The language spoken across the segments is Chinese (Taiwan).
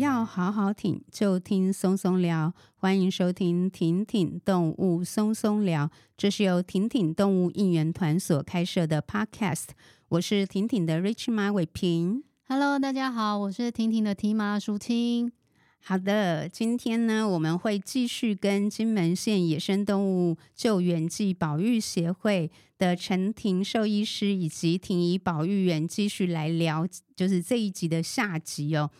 要好好挺，就聽鬆鬆聊。歡迎收聽《挺挺動物鬆鬆聊》，這是由挺挺動物應援團所開設的 Podcast。我是挺挺的 Rich 馬偉平。Hello，大家好，我是挺挺的 Tima 淑清。好的，今天呢，我們會繼續跟金門縣野生動物救援暨保育協會，的陳亭獸醫師以及庭怡保育員繼續來聊，就是這一集的下集哦。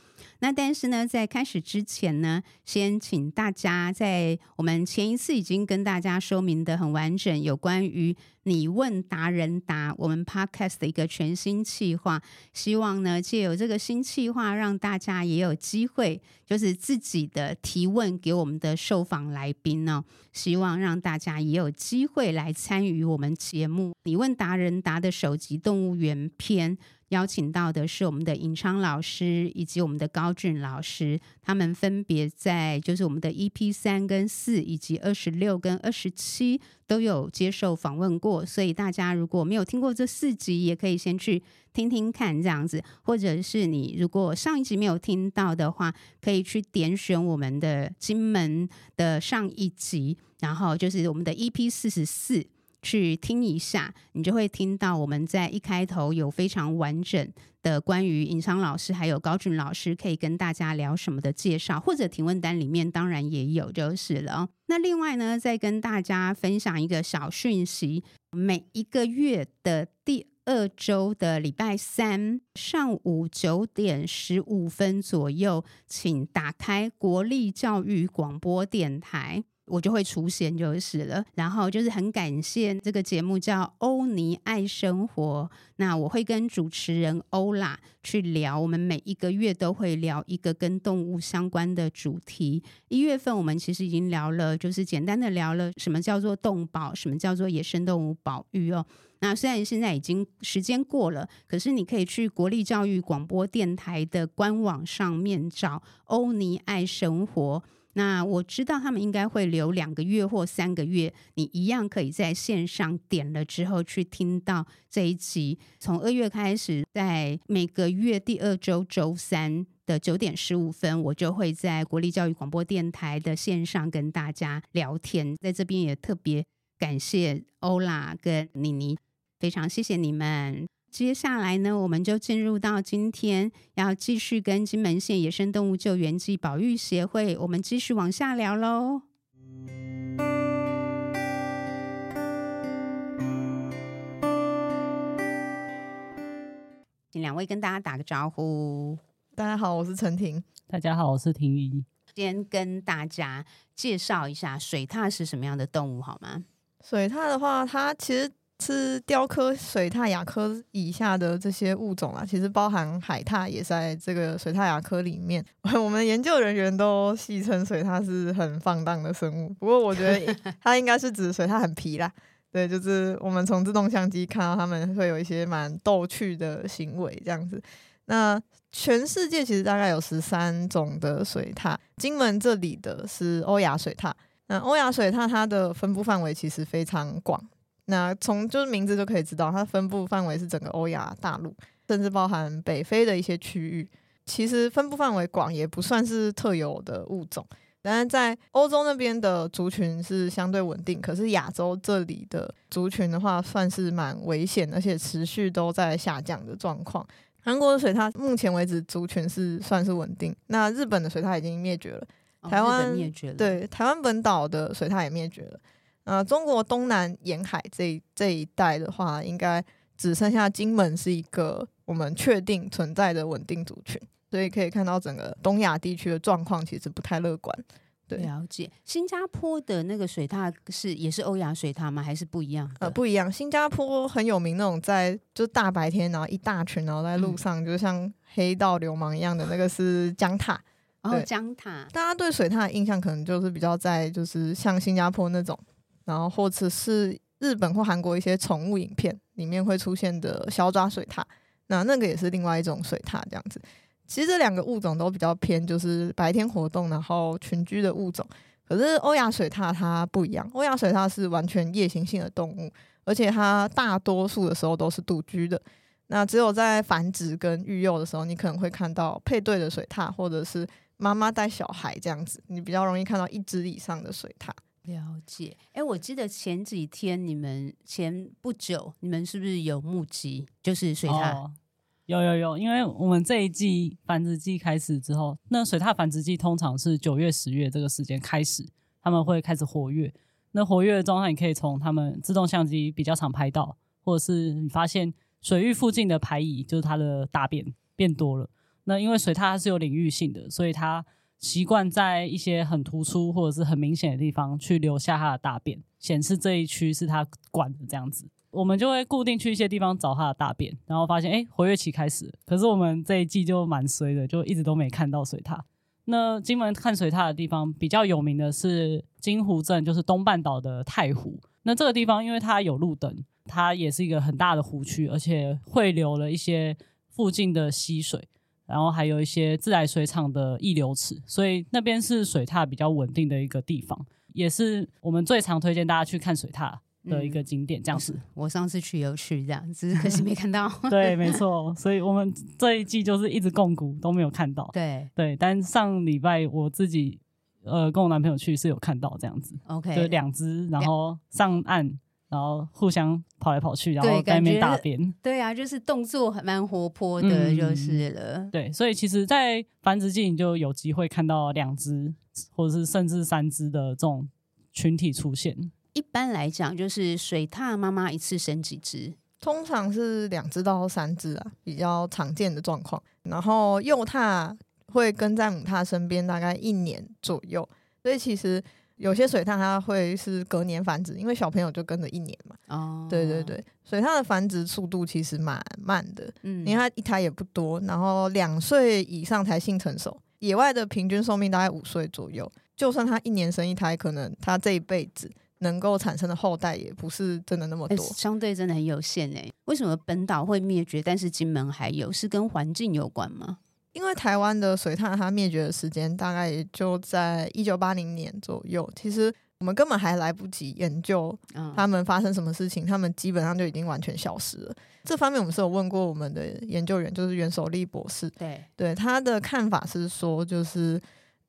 那但是呢，在開始之前呢，先請大家在我們前一次已經跟大家說明的很完整，有關於你問達人答我們 podcast 的一個全新計劃。希望呢，借由這個新計劃，讓大家也有機會，就是自己的提問給我們的受訪來賓呢、哦，希望讓大家也有機會來參與我們節目。你問達人答的首集《動物園篇》，邀請到的是我們的尹昌老師以及我們的高俊老師，他們分別在就是我們的 EP 三跟四以及二十六跟二十七都有接受訪問過，所以大家如果沒有聽過這四集，也可以先去聽聽看這樣子，或者是你如果上一集沒有聽到的話，可以去點選我們的金門的上一集，然後就是我們的 EP 四十四，去聽一下，你就會聽到我們在一開頭有非常完整的關於尹昌老師還有高俊老師可以跟大家聊什麼的介紹，或者提問單裡面當然也有就是了。那另外呢，再跟大家分享一個小訊息：每一個月的第二周的禮拜三上午九點十五分左右，請打開國立教育廣播電台。我就會出現，就是了。然後就是很感謝這個節目叫歐尼愛生活。那我會跟主持人歐拉去聊，我們每一個月都會聊一個跟動物相關的主題。一月份我們其實已經聊了，就是簡單的聊了什麼叫做動保，什麼叫做野生動物保育哦。那雖然現在已經時間過了，可是你可以去國立教育廣播電臺的官網上面找歐尼愛生活。那我知道他們應該會留兩個月或三個月，你一樣可以在線上點了之後去聽到這一集。從二月開始，在每個月第二周周三的九點十五分，我就會在國立教育廣播電台的線上跟大家聊天。在這邊也特別感謝歐拉跟妮妮，非常謝謝你們。接下來呢，我們就進入到今天要繼續跟金門縣野生動物救援暨保育協會，我們繼續往下聊嘍。請兩位跟大家打個招呼。大家好，我是陳亭。大家好，我是庭怡。先跟大家介紹一下水獺是什麼樣的動物好嗎？水獺的話，它其實。是鼬科水獺亞科以下的這些物種啊，其實包含海獺也在這個水獺亞科裡面。我們研究人員都戲稱水獺是很放蕩的生物，不過我覺得它應該是指水獺很皮啦。 對，就是我們從自動相機看到它們會有一些蠻逗趣的行為這樣子。那全世界其實大概有十三種的水獺，金門這裡的是歐亞水獺。那歐亞水獺它的分布範圍其實非常廣。那從就是名字就可以知道，它分布範圍是整個歐亞大陸，甚至包含北非的一些區域。其實分布範圍廣，也不算是特有的物種。但是在歐洲那邊的族群是相對穩定，可是亞洲這裡的族群的話，算是蠻危險，而且持續都在下降的狀況。韓國的水獺目前為止族群是算是穩定。那日本的水獺已經滅絕了，台灣，哦，日本也滅絕了，對，台灣本島的水獺也滅絕了。呃，中國東南沿海這一這一帶的話，應該只剩下金門是一個我們確定存在的穩定族群。所以可以看到整個東亞地區的狀況其實不太樂觀。對，了解。新加坡的那個水獺是也是歐亞水獺嗎？還是不一樣？呃，不一樣。新加坡很有名那種在、在就大白天，然後一大群，然後在路上，就像黑道流氓一樣的、嗯、那個是江獺。然後、哦、江獺，大家對水獺的印象可能就是比較在就是像新加坡那種。然後或者是日本或韓國一些寵物影片裡面會出現的小爪水獺，那那個也是另外一種水獺，這樣子。其實這兩個物種都比較偏就是白天活動，然後群居的物種。可是歐亞水獺它不一樣，歐亞水獺是完全夜行性的動物，而且它大多數的時候都是獨居的。那只有在繁殖跟育幼的時候，你可能會看到配對的水獺，或者是媽媽帶小孩這樣子，你比較容易看到一隻以上的水獺。了解，哎、欸，我記得前幾天你們前不久你們是不是有目擊，就是水獺？哦，有有有，因為我們這一季繁殖季開始之後，嗯，那水獺繁殖季通常是九月十月這個時間開始，他們會開始活躍。那活躍的狀態，你可以從他們自動相機比較常拍到，或者是你發現水域附近的排遺，就是它的大便變多了。那因為水獺它是有領域性的，所以它。習慣在一些很突出或者是很明顯的地方去留下它的大便，顯示這一區是他管的這樣子。我們就會固定去一些地方找它的大便，然後發現哎、欸，活躍期開始，可是我們這一季就蠻衰的，就一直都沒看到水獺。那金門看水獺的地方比較有名的是金湖鎮，就是東半島的太湖。那這個地方因為它有路燈，它也是一個很大的湖區，而且匯流了一些附近的溪水。然後還有一些自來水廠的溢流池，所以那邊是水獺比較穩定的一個地方，也是我們最常推薦大家去看水獺的一個景點。嗯、這樣子，嗯、我上次去有去這樣子，只是可惜沒看到。 對，沒錯，所以我們這一季就是一直槓龜都沒有看到。對對，但上禮拜我自己呃跟我男朋友去是有看到這樣子，OK，就兩只，然後上岸。然後互相跑來跑去，然後在那邊大便，對啊，就是動作還蠻活潑的，就是了、嗯。對，所以其實，在繁殖季你就有機會看到兩只，或者是甚至三隻的這種群體出現。一般來講，就是水獺媽媽一次生幾只？通常是兩只到三只啊，比較常見的狀況。然後幼獺會跟在母獺身邊大概一年左右，所以其實。有些水獺它會是隔年繁殖，因為小朋友就跟着一年嘛。哦，對對對，水獺的繁殖速度其實蠻慢的，嗯，因為它一胎也不多，然後兩歲以上才性成熟。野外的平均壽命大概五歲左右，就算它一年生一胎，可能它這一輩子能夠產生的後代也不是真的那麼多，欸，相對真的很有限誒，欸。為什麼本島會滅絕，但是金門還有，是跟環境有關嗎？因為台灣的水獺，它滅絕的時間大概也就在一九八零年左右。其實我們根本還來不及研究它們發生什麼事情，它、嗯、們基本上就已經完全消失了。這方面我們是有問過我們的研究員，就是袁守立博士。對對，他的看法是說，就是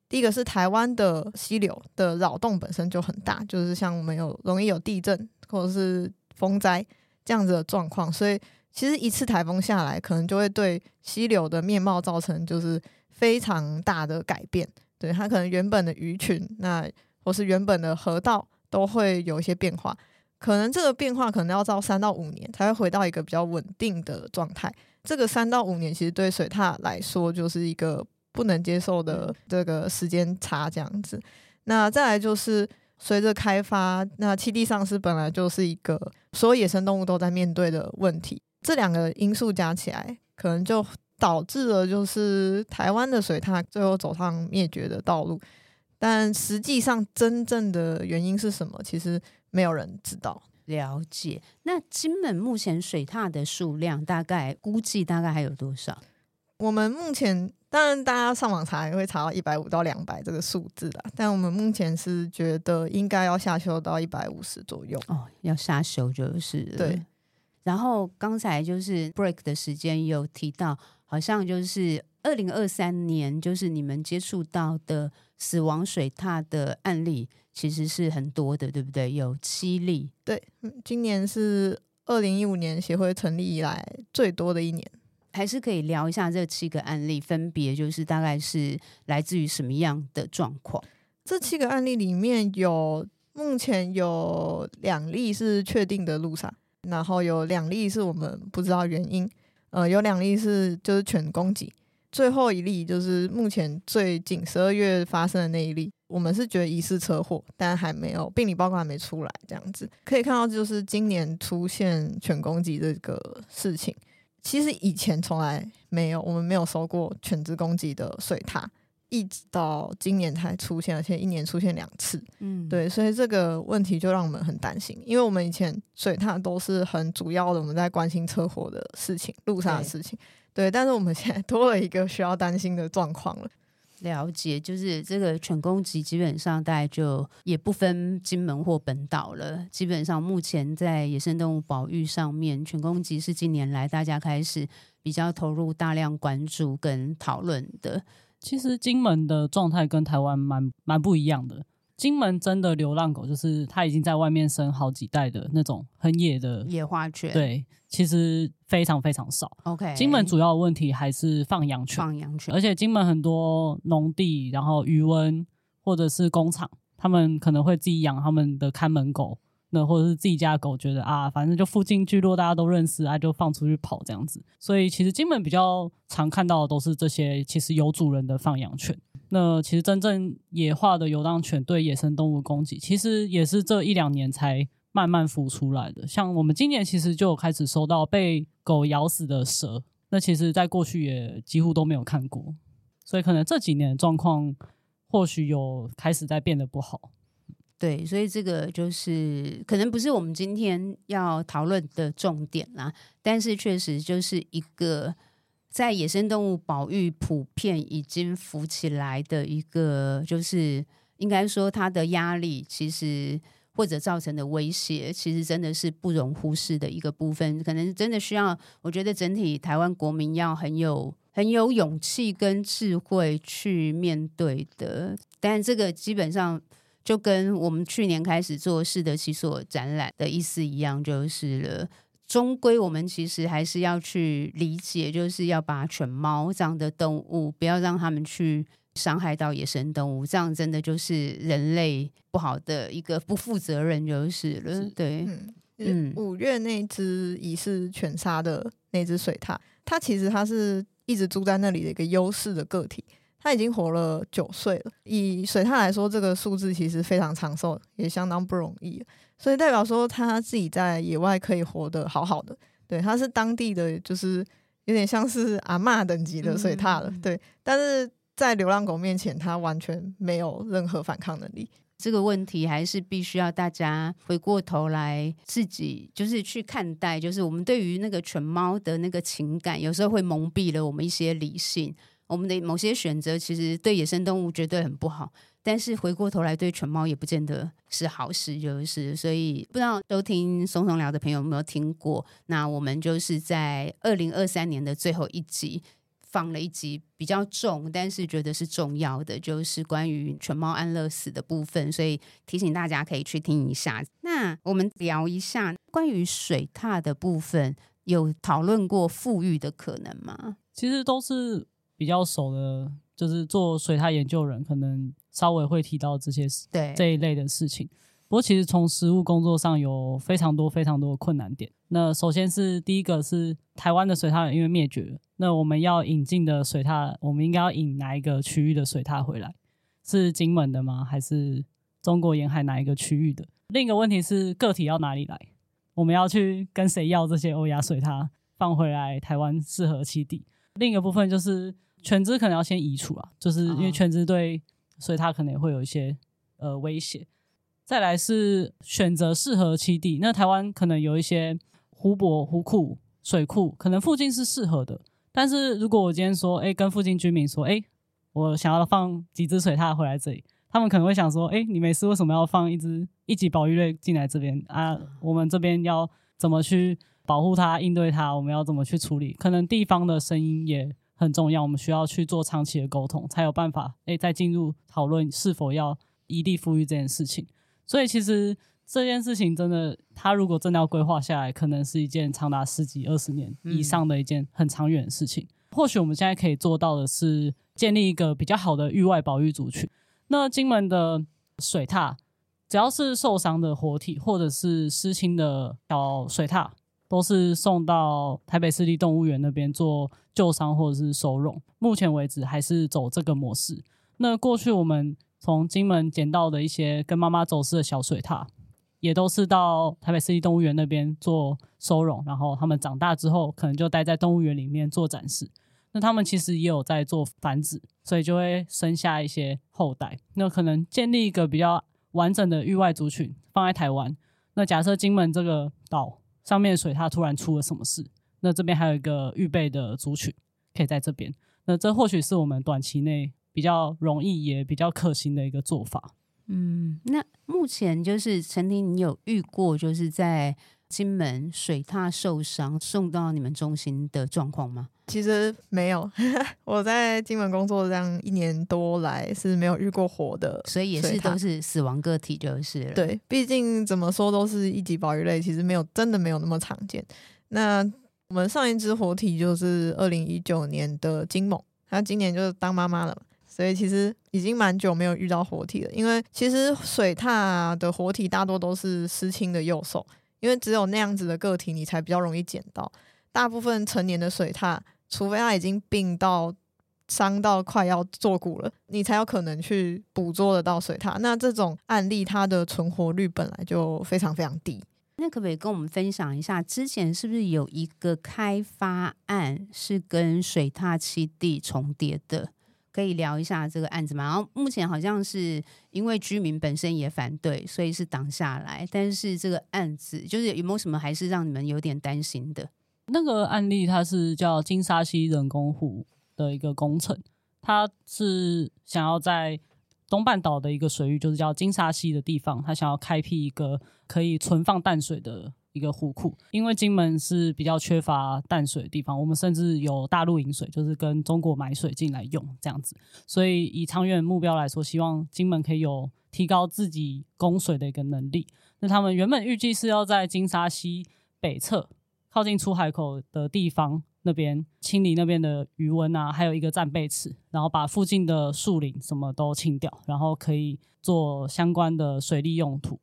第一個是台灣的溪流的擾動本身就很大，就是像我們有容易有地震或者是風災這樣子的狀況，所以。其實一次颱風下來，可能就會對溪流的面貌造成就是非常大的改變。對，它可能原本的魚群，那或是原本的河道都會有一些變化。可能這個變化可能要到三到五年才會回到一個比較穩定的狀態。這個三到五年其實對水獺來說就是一個不能接受的這個時間差，這樣子。那再來就是隨着開發，那棲地喪失本來就是一個所有野生動物都在面對的問題。這兩個因素加起來，可能就導致了，就是台灣的水獺最後走上滅絕的道路。但實際上，真正的原因是什麼，其實沒有人知道。了解。那金門目前水獺的數量大概估計大概還有多少？我們目前當然大家上網查會查到一百五到兩百這個數字啦，但我們目前是覺得應該要下修到一百五十左右。哦，要下修就是對。然後剛才就是 break 的時間有提到，好像就是二零二三年，就是你們接觸到的死亡水獺的案例，其實是很多的，對不對？有七例。對，今年是二零一五年協會成立以來最多的一年。還是可以聊一下這七個案例，分別就是大概是來自於什麼樣的狀況？這七個案例裡面有目前有兩例是確定的路殺。然後有兩例是我們不知道原因，呃，有兩例是就是犬攻擊，最後一例就是目前最近十二月發生的那一例，我們是覺得疑似車禍，但還沒有病理報告還沒出來，這樣子可以看到就是今年出現犬攻擊這個事情，其實以前從來沒有，我們沒有收過犬只攻擊的水獺。一直到今年才出現，而且一年出現兩次。嗯，對，所以這個問題就讓我們很擔心，因為我們以前水獺都是很主要的，我們在關心車禍的事情、路上的事情。對，對，但是我們現在多了一個需要擔心的狀況了。了解，就是這個犬攻擊，基本上大家就也不分金門或本島了。基本上目前在野生動物保育上面，犬攻擊是近年來大家開始比較投入大量關注跟討論的。其實金門的狀態跟台灣蠻蠻不一樣的。金門真的流浪狗，就是它已經在外面生好幾代的那種很野的野化犬，對，其實非常非常少。OK，金門主要的問題還是放養犬，放養犬。而且金門很多農地，然後魚塭或者是工廠，他們可能會自己養他們的看門狗。那或者是自己家狗覺得啊，反正就附近聚落大家都認識啊，就放出去跑這樣子。所以其實金門比較常看到的都是這些其實有主人的放養犬。那其實真正野化的游蕩犬對野生動物攻擊，其實也是這一兩年才慢慢浮出來的。像我們今年其實就有開始收到被狗咬死的蛇，那其實在過去也幾乎都沒有看過。所以可能這幾年的狀況或許有開始在變得不好。對，所以這個就是可能不是我們今天要討論的重點啦、啊，但是確實就是一個在野生動物保育普遍已經浮起來的一個，就是應該說它的壓力，其實或者造成的威脅，其實真的是不容忽視的一個部分，可能真的需要，我覺得整體台灣國民要很有很有勇氣跟智慧去面對的，但這個基本上。就跟我們去年開始做適得其所展覽的意思一樣，就是了。終歸我們其實還是要去理解，就是要把犬貓這樣的動物，不要讓他們去傷害到野生動物。這樣真的就是人類不好的一個不負責任，就是了。對，嗯，嗯、五月那隻疑似犬殺的那隻水獺，它其實它是一直住在那裡的一個優勢的個體。他已經活了九歲了，以水獺來說，這個數字其實非常長壽，也相當不容易，所以代表說他自己在野外可以活得好好的。對，他是當地的就是有點像是阿嬤等級的水獺了。嗯嗯對，但是在流浪狗面前，它完全沒有任何反抗能力。這個問題還是必須要大家回過頭來自己就是去看待，就是我們對於那個犬貓的那個情感，有時候會蒙蔽了我們一些理性。我們的某些選擇其實對野生動物絕對很不好，但是回過頭來對犬貓也不見得是好事。就是。所以不知道都聽松松聊的朋友有沒有聽過？那我們就是在二零二三年的最後一集放了一集比較重，但是覺得是重要的，就是關於犬貓安樂死的部分。所以提醒大家可以去聽一下。那我們聊一下關於水獺的部分，有討論過復育的可能嗎？其實都是。比較熟的，就是做水塔研究的人，可能稍微會提到這些對這一類的事情。不過其實從實務工作上有非常多非常多的困難點。那首先是第一個是台灣的水塔因為滅絕了，那我們要引進的水塔，我們應該要引哪一個區域的水塔回來？是金門的嗎？還是中國沿海哪一個區域的？另一個問題是個體要哪裡來？我們要去跟誰要這些歐亞水塔放回來台灣適合其地？另一個部分就是犬隻可能要先移除啊，就是因為犬隻對，所以它可能也會有一些呃威脅。再來是選擇適合棲地，那台灣可能有一些湖泊、湖庫、水庫，可能附近是適合的。但是如果我今天說，哎、欸，跟附近居民說，哎、欸，我想要放幾只水獺回來這裡，他們可能會想說，哎、欸，你每次為什麼要放一只一級保育類進來這邊啊？我們這邊要怎麼去？保護它，應對它，我們要怎麼去處理？可能地方的聲音也很重要，我們需要去做長期的溝通，才有辦法誒、欸，再進入討論是否要移地復育這件事情。所以，其實這件事情真的，它如果真的要規劃下來，可能是一件長達十幾、二十年以上的一件很長遠的事情。嗯、或許我們現在可以做到的是建立一個比較好的域外保育族群。那金門的水獺，只要是受傷的活體或者是失親的小水獺，都是送到台北市立動物園那邊做救傷或者是收容，目前為止還是走這個模式。那過去我們從金門撿到的一些跟媽媽走失的小水獺，也都是到台北市立動物園那邊做收容。然後他們長大之後，可能就待在動物園裡面做展示。那他們其實也有在做繁殖，所以就會生下一些後代。那可能建立一個比較完整的域外族群，放在台灣。那假設金門這個島，上面水它突然出了什麼事，那這邊還有一個預備的族群可以在這邊，那這或許是我們短期內比較容易也比較可行的一個做法。嗯，那目前就是陳亭，你有遇過就是在，金門水獺受傷送到你們中心的狀況嗎？其實沒有， 我在金門工作這樣一年多來是沒有遇過活的，所以也是以都是死亡個體就是了。對，畢竟怎麼說都是一級保育類，其實沒有真的沒有那麼常見。那我們上一只活體就是二零一九年的金猛，他今年就是當媽媽了，所以其實已經蠻久沒有遇到活體了。因為其實水獺的活體大多都是失親的幼獸。因為只有那樣子的個體，你才比較容易撿到。大部分成年的水獺，除非它已經病到、傷到快要作古了，你才有可能去捕捉得到水獺。那這種案例，它的存活率本來就非常非常低。那可不可以跟我們分享一下，之前是不是有一個開發案是跟水獺棲地重疊的？可以聊一下這個案子嗎？然後目前好像是因為居民本身也反對，所以是擋下來。但是這個案子就是有沒有什麼還是讓你們有點擔心的？那個案例它是叫金沙溪人工湖的一個工程，它是想要在東半島的一個水域，就是叫金沙溪的地方，它想要開闢一個可以存放淡水的。一個湖庫，因為金門是比較缺乏淡水的地方，我們甚至有大陸引水，就是跟中國買水進來用這樣子。所以以長遠目標來說，希望金門可以有提高自己供水的一個能力。那他們原本預計是要在金沙溪北側靠近出海口的地方那邊清理那邊的魚塭啊，還有一個戰備池，然後把附近的樹林什麼都清掉，然後可以做相關的水利用途。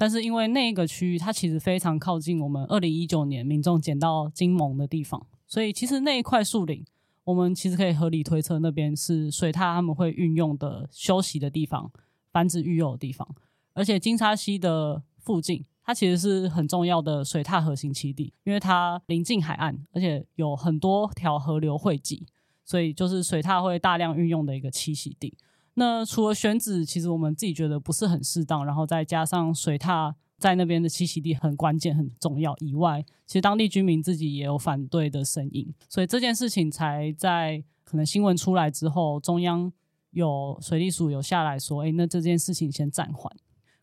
但是因為那個區域它其實非常靠近我們二零一九年民眾撿到金盟的地方，所以其實那一塊樹林，我們其實可以合理推測那邊是水獺他們會運用的休息的地方、繁殖育幼的地方。而且金沙溪的附近，它其實是很重要的水獺核心棲地，因為它臨近海岸，而且有很多條河流匯集，所以就是水獺會大量運用的一個棲息地。那除了選址，其實我們自己覺得不是很適當，然後再加上水獺在那邊的棲息地很關鍵、很重要以外，其實當地居民自己也有反對的聲音，所以這件事情才在可能新聞出來之後，中央有水利署有下來說，哎，那這件事情先暫緩。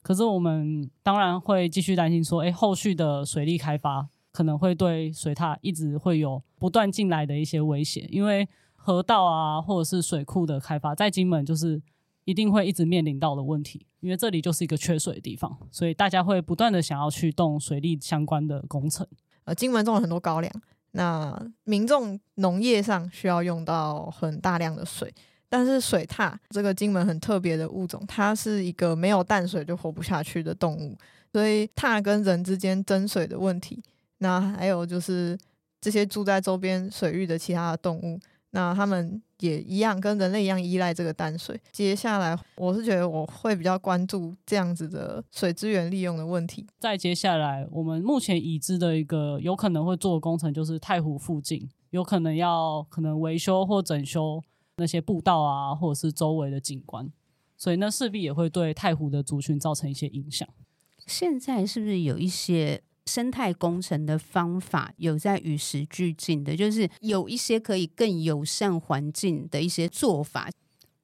可是我們當然會繼續擔心說，哎，後續的水利開發可能會對水獺一直會有不斷進來的一些威脅，因為河道啊，或者是水庫的開發，在金門就是一定會一直面臨到的問題，因為這裡就是一個缺水的地方，所以大家會不斷的想要去動水利相關的工程。呃，金門種了很多高粱，那民眾農業上需要用到很大量的水，但是水獺這個金門很特別的物種，它是一個沒有淡水就活不下去的動物，所以它跟人之間爭水的問題，那還有就是這些住在周邊水域的其他的動物。那他們也一樣，跟人類一樣依賴這個淡水。接下來，我是覺得我會比較關注這樣子的水資源利用的問題。再接下來，我們目前已知的一個有可能會做的工程，就是太湖附近有可能要可能維修或整修那些步道啊，或者是周圍的景觀，所以那勢必也會對太湖的族群造成一些影響。現在是不是有一些？生態工程的方法有在與時俱進的，就是有一些可以更友善環境的一些做法。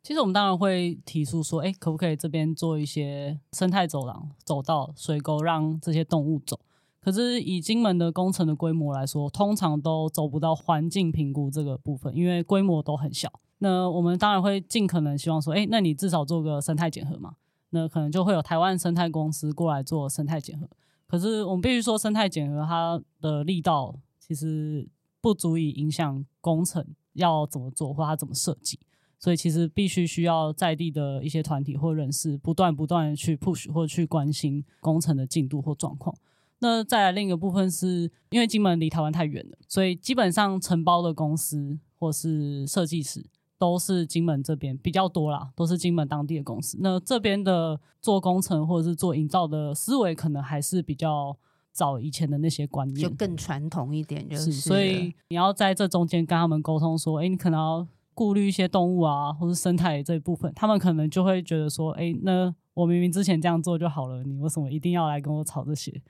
其實我們當然會提出說，誒、欸，可不可以這邊做一些生態走廊、走到水溝，讓這些動物走？可是以金門的工程的規模來說，通常都走不到環境評估這個部分，因為規模都很小。那我們當然會盡可能希望說，誒、欸，那你至少做個生態檢合嘛？那可能就會有台灣生態公司過來做生態檢合。可是我們必須說，生態檢核它的力道其實不足以影響工程要怎麼做或它怎麼設計，所以其實必須需要在地的一些團體或人士不斷不斷去 push 或去關心工程的進度或狀況。那再來另一個部分，是因為金門離台灣太遠了，所以基本上承包的公司或是設計師。都是金門這邊比較多啦，都是金門當地的公司。那這邊的做工程或者是做營造的思維，可能還是比較早以前的那些觀念，就更傳統一點、就是。就是，所以你要在這中間跟他們溝通說，誒、欸，你可能要顧慮一些動物啊，或是生態這一部分，他們可能就會覺得說，哎、欸，那我明明之前這樣做就好了，你為什麼一定要來跟我吵這些？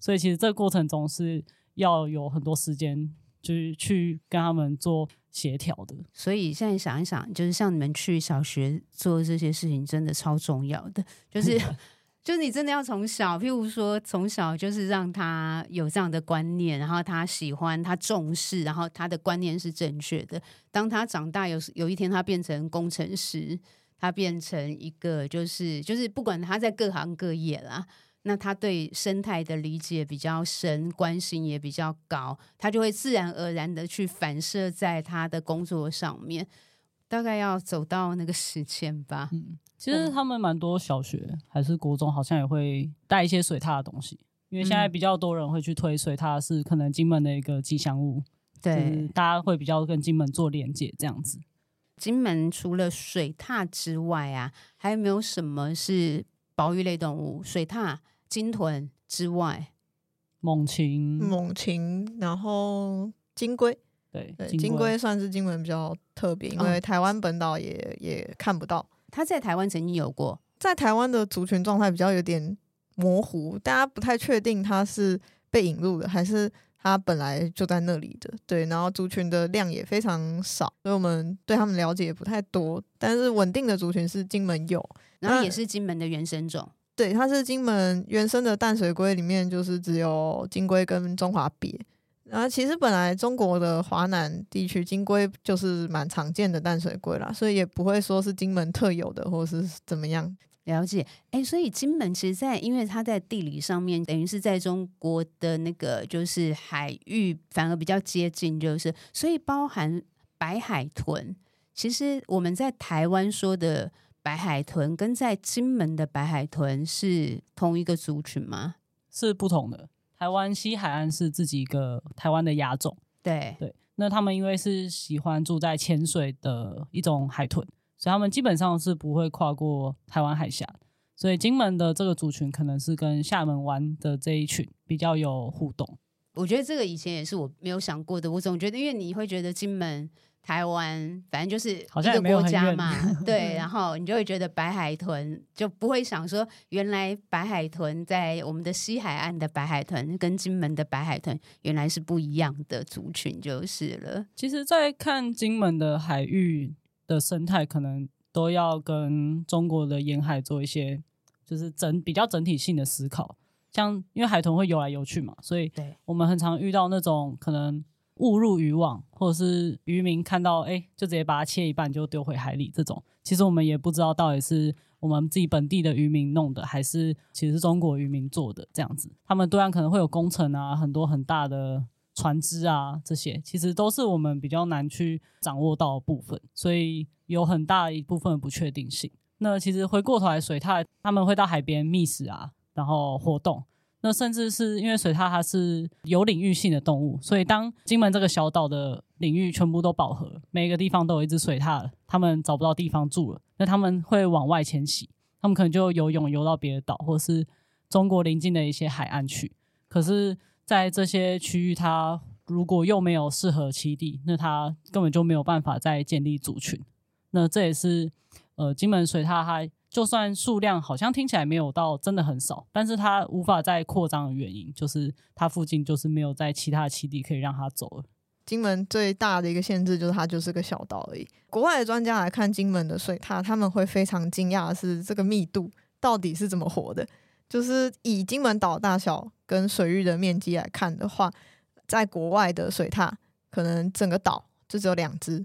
所以其實這個過程總是要有很多時間。就是去跟他們做協調的，所以現在想一想，就是像你們去小學做這些事情，真的超重要的。就是，哎、呀就是你真的要從小，譬如說從小就是讓他有這樣的觀念，然後他喜歡，他重視，然後他的觀念是正確的。當他長大有有一天，他變成工程師，他變成一個就是就是不管他在各行各業啦。那他對生態的理解比較深，關心也比較高，他就會自然而然的去反射在他的工作上面。大概要走到那個時間吧。嗯，其實他們蠻多小學、嗯、還是國中，好像也會帶一些水獺的東西，因為現在比較多人會去推水獺是可能金門的一個吉祥物。對，大家會比較跟金門做連結。這樣子。金門除了水獺之外啊，還有沒有什麼是保育類動物？水獺。金豚之外，猛禽、猛禽，然後金龜，對，金龜，金龜算是金門比較特別，因為台灣本島也也看不到。它、嗯、在台灣曾經有過，在台灣的族群狀態比較有點模糊，大家不太確定它是被引入的，還是它本來就在那裡的。對，然後族群的量也非常少，所以我們對他們了解也不太多。但是穩定的族群是金門有，但然後也是金門的原生種。對，它是金門原生的淡水龜裡面，就是只有金龜跟中華鱉。然後啊，其實本來中國的華南地區金龜就是蠻常見的淡水龜啦，所以也不會說是金門特有的，或是怎麼樣。了解，哎、欸，所以金門其實在，在因為它在地理上面等於是在中國的那個就是海域反而比較接近，就是所以包含白海豚，其實我們在台灣說的。白海豚跟在金門的白海豚是同一個族群嗎？是不同的。台灣西海岸是自己一個台灣的亞種。對對，那他們因為是喜歡住在淺水的一種海豚，所以他們基本上是不會跨過台灣海峽。所以金門的這個族群可能是跟廈門灣的這一群比較有互動。我覺得這個以前也是我沒有想過的。我總覺得，因為你會覺得金門、台灣，反正就是一個國家嘛，對，然後你就會覺得白海豚就不會想說，原來白海豚在我們的西海岸的白海豚跟金門的白海豚原來是不一樣的族群，就是了。其實，在看金門的海域的生態，可能都要跟中國的沿海做一些，就是整比較整體性的思考。像因為海豚會游來游去嘛，所以對我們很常遇到那種可能誤入漁網，或者是漁民看到哎、欸，就直接把它切一半就丟回海裡這種。其實我們也不知道到底是我們自己本地的漁民弄的，還是其實是中國漁民做的這樣子。他們對岸可能會有工程啊，很多很大的船隻啊，這些其實都是我們比較難去掌握到的部分，所以有很大一部分的不確定性。那其實回過頭來水，水獺他們會到海邊覓食啊。然後活動，那甚至是因為水獺它是有領域性的動物，所以當金門這個小島的領域全部都飽和，每個地方都有一只水獺，他們找不到地方住了，那他們會往外遷徙，他們可能就游泳游到別的島，或是中國鄰近的一些海岸去。可是，在這些區域，它如果又沒有適合棲地，那它根本就沒有辦法再建立族群。那這也是呃，金門水獺它。就算數量好像聽起來沒有到真的很少，但是它無法再擴張的原因，就是它附近就是沒有在其他的棲地可以讓它走了。金門最大的一個限制就是它就是個小島而已。國外的專家來看金門的水獺，他們會非常驚訝的是這個密度到底是怎麼活的。就是以金門島大小跟水域的面積來看的話，在國外的水獺可能整個島就只有兩隻，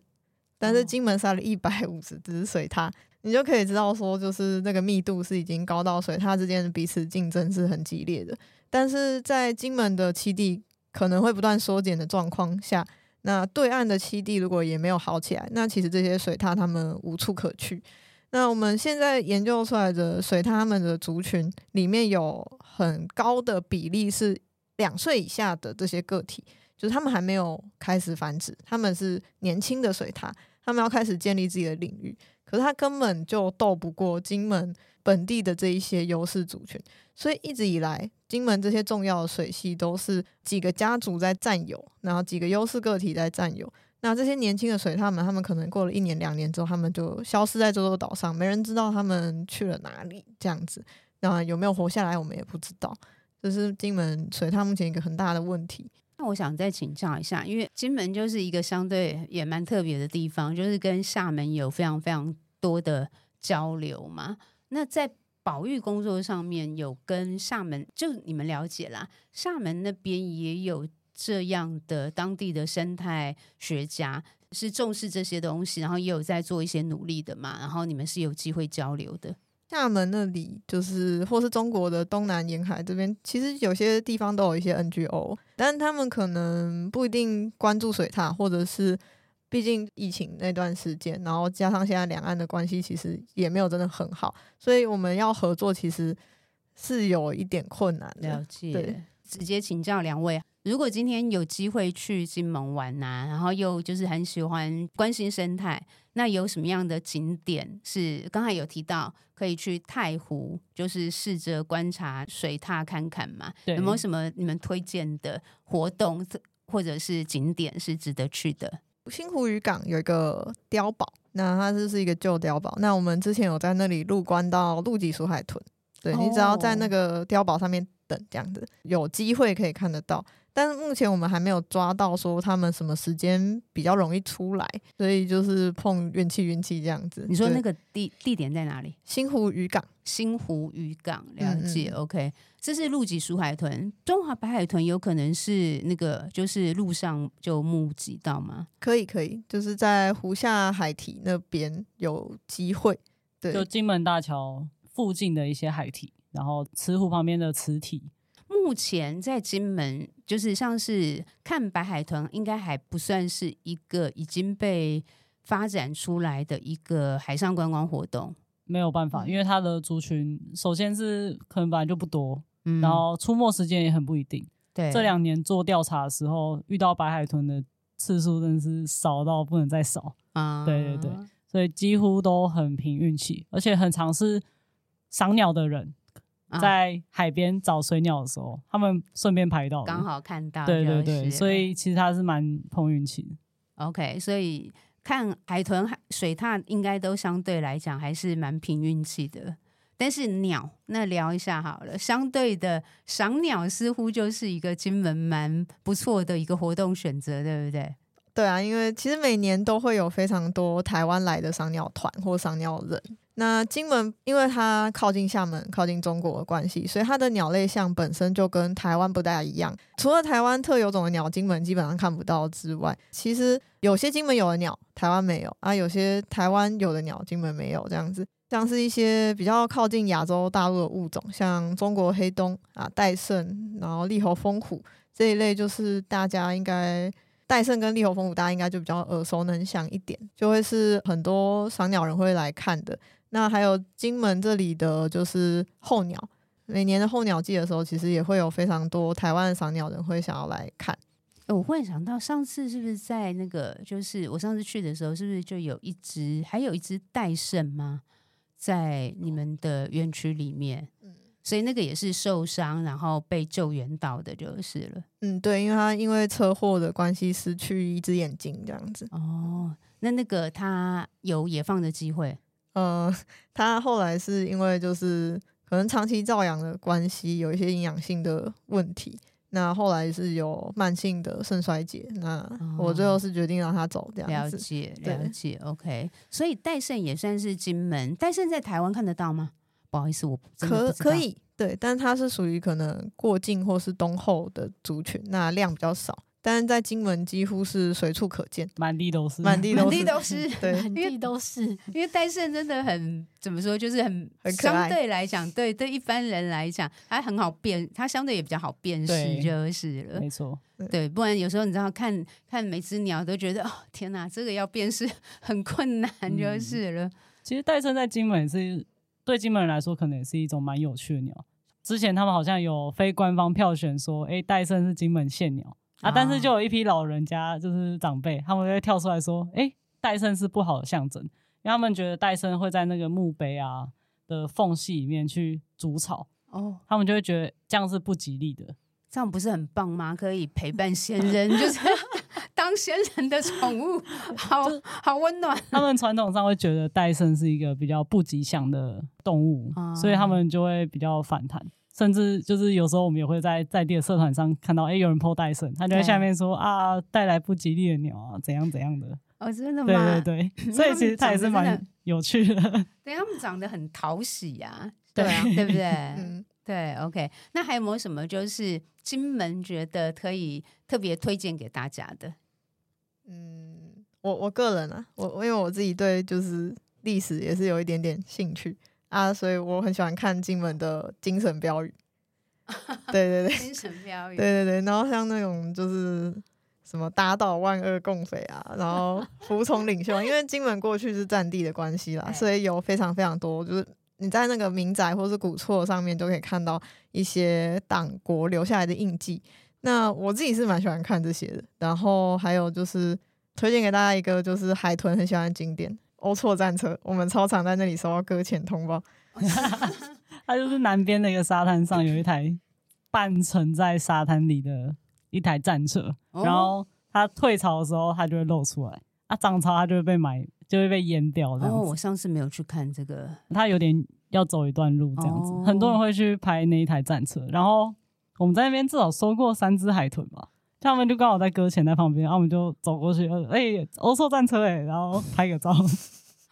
但是金門殺了一百五十隻水獺。你就可以知道，說就是那個密度是已經高到水獺之間的彼此競爭是很激烈的。但是在金門的棲地可能會不斷縮減的狀況下，那對岸的棲地如果也沒有好起來，那其實這些水獺它們無處可去。那我們現在研究出來的水獺它們的族群裡面有很高的比例是兩歲以下的這些個體，就是它們還沒有開始繁殖，他們是年輕的水獺，它們要開始建立自己的領域。可是他根本就鬥不過金門本地的這一些優勢族群，所以一直以來，金門這些重要的水系都是幾個家族在佔有，然後幾個優勢個體在佔有。那這些年輕的水獺們，他們可能過了一年兩年之後，他們就消失在這座島上，沒人知道他們去了哪裡。這樣子，那有沒有活下來，我們也不知道。這是金門水獺目前一個很大的問題。那我想再請教一下，因為金門就是一個相對也蠻特別的地方，就是跟廈門有非常非常多的交流嘛。那在保育工作上面，有跟廈門，就你們了解啦，廈門那邊也有這樣的當地的生態學家，是重視這些東西，然後也有在做一些努力的嘛，然後你們是有機會交流的。廈門那裡就是，或是中國的東南沿海這邊，其實有些地方都有一些 NGO，但他們可能不一定關注水獺，或者是畢竟疫情那段時間，然後加上現在兩岸的關係其實也沒有真的很好，所以我們要合作其實是有一點困難的。了解。對，直接請教兩位啊。如果今天有機會去金門玩吶、啊，然後又就是很喜歡關心生態，那有什麼樣的景點是剛才有提到可以去太湖，就是試着觀察水獺看看嘛？對有沒有什麼你們推薦的活動或者是景點是值得去的？新湖漁港有一個碉堡，那它就是一個舊碉堡。那我們之前有在那裡入關到露脊鼠海豚，對你只要在那個碉堡上面等這樣子，有機會可以看得到。但是目前我們還沒有抓到說他們什麼時間比較容易出來，所以就是碰運氣，運氣這樣子。你說那個地對地點在哪裡？新湖漁港。新湖漁港，了解，嗯嗯，OK。這是露脊鼠海豚，中華白海豚有可能是那個就是陸上就目擊到嗎？可以可以，就是在湖下海堤那邊有機會。對，就金門大橋附近的一些海堤，然後慈湖旁邊的慈堤。目前在金門。就是像是看白海豚，應該還不算是一個已經被發展出來的一個海上觀光活動。沒有辦法，因為它的族群首先是可能本來就不多，嗯、然後出沒時間也很不一定。對，這兩年做調查的時候，遇到白海豚的次數真的是少到不能再少。啊，對對對，所以幾乎都很憑運氣，而且很常是賞鳥的人。在海邊找水鳥的時候，哦、他們順便拍到了，剛好看到、就是。對對對，嗯、所以其實他是蠻碰運氣的。OK，所以看海豚、水獺應該都相對來講還是蠻憑運氣的。但是鳥，那聊一下好了。相對的，賞鳥似乎就是一個金門蠻不錯的一個活動選擇，對不對？對啊，因為其實每年都會有非常多台灣來的賞鳥團或賞鳥人。那金門因為它靠近廈門，靠近中國的關係，所以它的鳥類像本身就跟台灣不太一樣。除了台灣特有種的鳥，金門基本上看不到之外，其實有些金門有的鳥，台灣沒有啊；有些台灣有的鳥，金門沒有這樣子。像是一些比較靠近亞洲大陸的物種，像中國黑鶇啊，戴勝，然後栗喉蜂虎這一類，就是大家應該戴勝跟栗喉蜂虎，大家應該就比較耳熟能詳一點，就會是很多賞鳥人會來看的。那還有金門這裡的，就是候鳥，每年的候鳥季的時候，其實也會有非常多台灣的賞鳥人會想要來看。哦，我會想到，上次是不是在那個，就是我上次去的時候，是不是就有一隻，還有一隻戴勝嗎？在你們的園區裡面，嗯，所以那個也是受傷，然後被救援到的，就是了。嗯，對，因為他因為車禍的關係失去一隻眼睛，這樣子。哦，那那個他有野放的機會。呃，他後來是因為就是可能長期照養的關係，有一些營養性的問題，那後來是有慢性的腎衰竭。那我最後是決定讓他走掉。哦、了解，對了解，OK。所以戴勝也算是金門，戴勝在台灣看得到嗎？不好意思，我不知道。可，可以，對，但它是屬於可能過境或是冬候的族群，那量比較少。但是在金門幾乎是隨處可見，滿地都是，滿地都是，滿 對地都是，因為戴勝真的很怎麼說，就是很很可愛，相對來講，對對一般人來講，它，很好辨，它相對也比較好辨識就是了，沒錯，對，不然有時候你知道看看每只鳥都覺得哦天哪、啊，這個要辨識很困難就是了。嗯、其實戴勝在金門也是對金門人來說，可能也是一種蠻有趣的鳥。之前他們好像有非官方票選說，哎、欸，戴勝是金門縣鳥。啊！但是就有一批老人家，啊、就是長輩，他們會跳出來說：“哎，戴勝是不好的象徵，因為他們覺得戴勝會在那個墓碑啊的縫隙裡面去築巢哦，他們就會覺得這樣是不吉利的。這樣不是很棒嗎？可以陪伴先人， 就是當先人的寵物，好好溫暖。他們傳統上會覺得戴勝是一個比較不吉祥的動物，啊、所以他們就會比較反彈。”甚至就是有時候我們也會在在地的社團上看到，哎，有人 po 戴勝，他就在下面說對啊，帶來不吉利的鳥啊，怎樣怎樣的。哦，真的嗎？對對對，所以其實他也是蠻有趣的。對，他們長得很討喜呀，啊， 對啊， 對不對？嗯，對。OK，那還有沒有什麼就是金門覺得可以特別推薦給大家的？嗯，我我個人啊，我因為我自己對就是歷史也是有一點點興趣。啊，所以我很喜歡看金門的精神標語， 對對對，精神標語，對對對。然後像那種就是什麼“打倒萬惡共匪”啊，然後“服從領袖”， 對因為金門過去是戰地的關係啦，對所以有非常非常多，就是你在那個民宅或是古厝上面都可以看到一些黨國留下來的印記。那我自己是蠻喜歡看這些的。然後還有就是推薦給大家一個，就是海豚很喜歡的景點。收錯戰車，我們超常在那裡收到擱淺通報。它 就是南邊那個沙灘上有一台半沉在沙灘裡的一台戰車，oh. 然後它退潮的時候它就會露出來，啊漲潮它就會被埋，就會被淹掉。哦，oh, 我上次沒有去看這個，它有點要走一段路這樣子，oh. 很多人會去拍那一台戰車。然後我們在那邊至少收過三只海豚吧。他們就剛好在擱淺在旁邊，然、啊、後我們就走過去，哎、欸，歐洲戰車哎、欸，然後拍個照。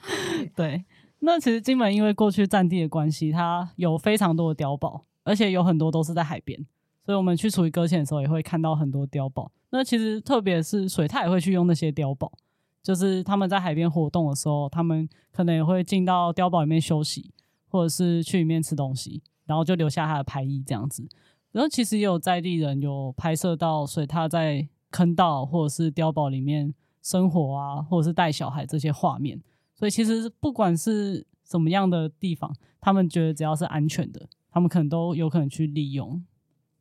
對，那其實金門因為過去戰地的關係，它有非常多的碉堡，而且有很多都是在海邊，所以我們去處理擱淺的時候也會看到很多碉堡。那其實特別是水獺，他也會去用那些碉堡，就是他們在海邊活動的時候，他們可能也會進到碉堡裡面休息，或者是去裡面吃東西，然後就留下它的排遺這樣子。然後其實也有在地人有拍攝到水獺在坑道或者是碉堡裡面生活啊，或者是帶小孩這些畫面。所以其實不管是怎麼樣的地方，他們覺得只要是安全的，他們可能都有可能去利用。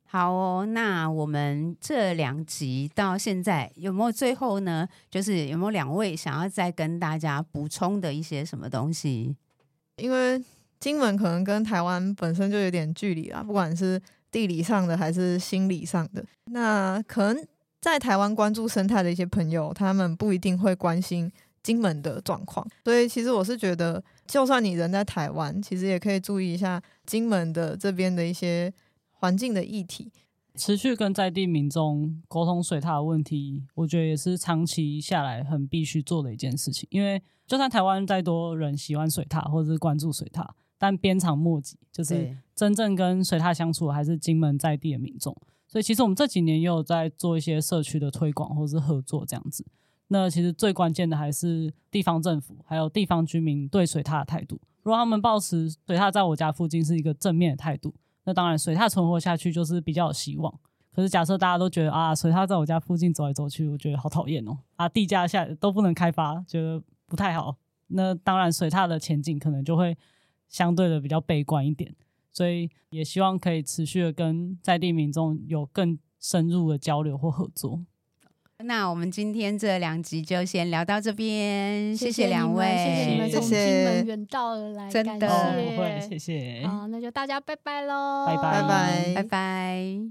好哦，那我們這兩集到現在有沒有最後呢？就是有沒有兩位想要再跟大家補充的一些什麼東西？因為金門可能跟台灣本身就有點距離啊，不管是。地理上的還是心理上的，那可能在台灣關注生態的一些朋友，他們不一定會關心金門的狀況。所以，其實我是覺得，就算你人在台灣，其實也可以注意一下金門的這邊的一些環境的議題，持續跟在地民眾溝通水獺的問題，我覺得也是長期下來很必須做的一件事情。因為，就算台灣再多人喜歡水獺或者是關注水獺，但鞭長莫及，就是。真正跟水獺相處的還是金門在地的民眾，所以其實我們這幾年也有在做一些社區的推廣或者是合作這樣子。那其實最關鍵的還是地方政府還有地方居民對水獺的態度。如果他們抱持水獺在我家附近是一個正面的態度，那當然水獺存活下去就是比較有希望。可是假設大家都覺得啊，水獺在我家附近走來走去，我覺得好討厭哦，啊地價下都不能開發，覺得不太好。那當然水獺的前景可能就會相對的比較悲觀一點。所以也希望可以持續的跟在地民眾有更深入的交流或合作。那我們今天這兩集就先聊到這邊，謝謝兩位，謝謝你們從金門遠道而來，謝謝真的不謝、哦、會謝謝好。那就大家拜拜嘍，拜拜，拜拜。